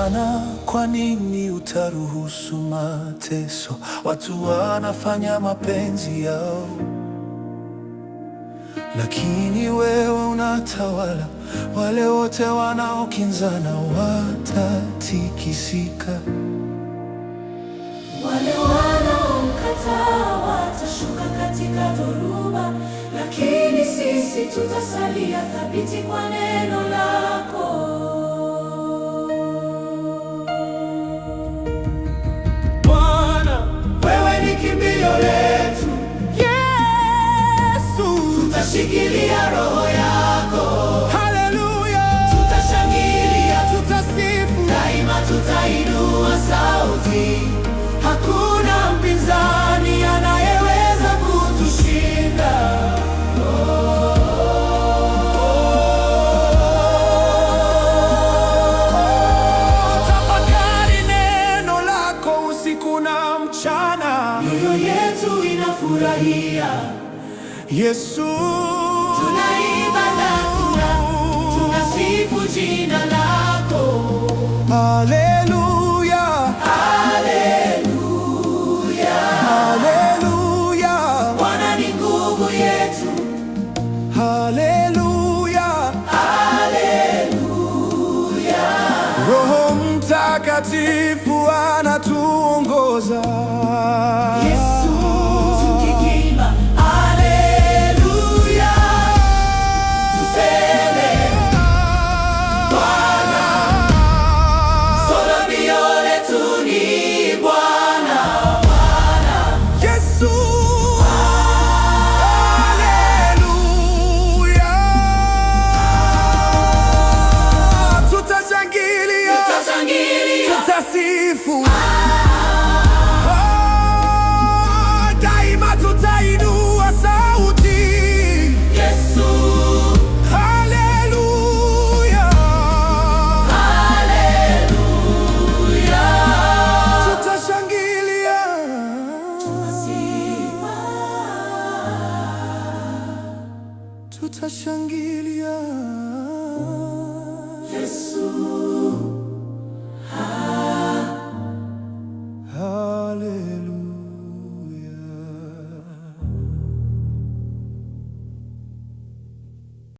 Bwana, kwa nini utaruhusu mateso? Watu wanafanya mapenzi yao, lakini wewe unatawala. Wale wote wanaokinzana watatikisika, wale wanaomkataa watashuka katika dhoruba, lakini sisi tutasalia thabiti kwa neno la nikainua sauti, hakuna mpinzani anayeweza kutushinda. Oh, oh, oh. Tafakari neno lako usiku na mchana, mioyo yetu inafurahia Yesu, tunaimba tuna, tunasifu jina Mtakatifu anatuongoza. Yesu tutasifu oh, daima tutainua sauti Yesu, haleluya, haleluya, tutashangilia tutashangilia Yesu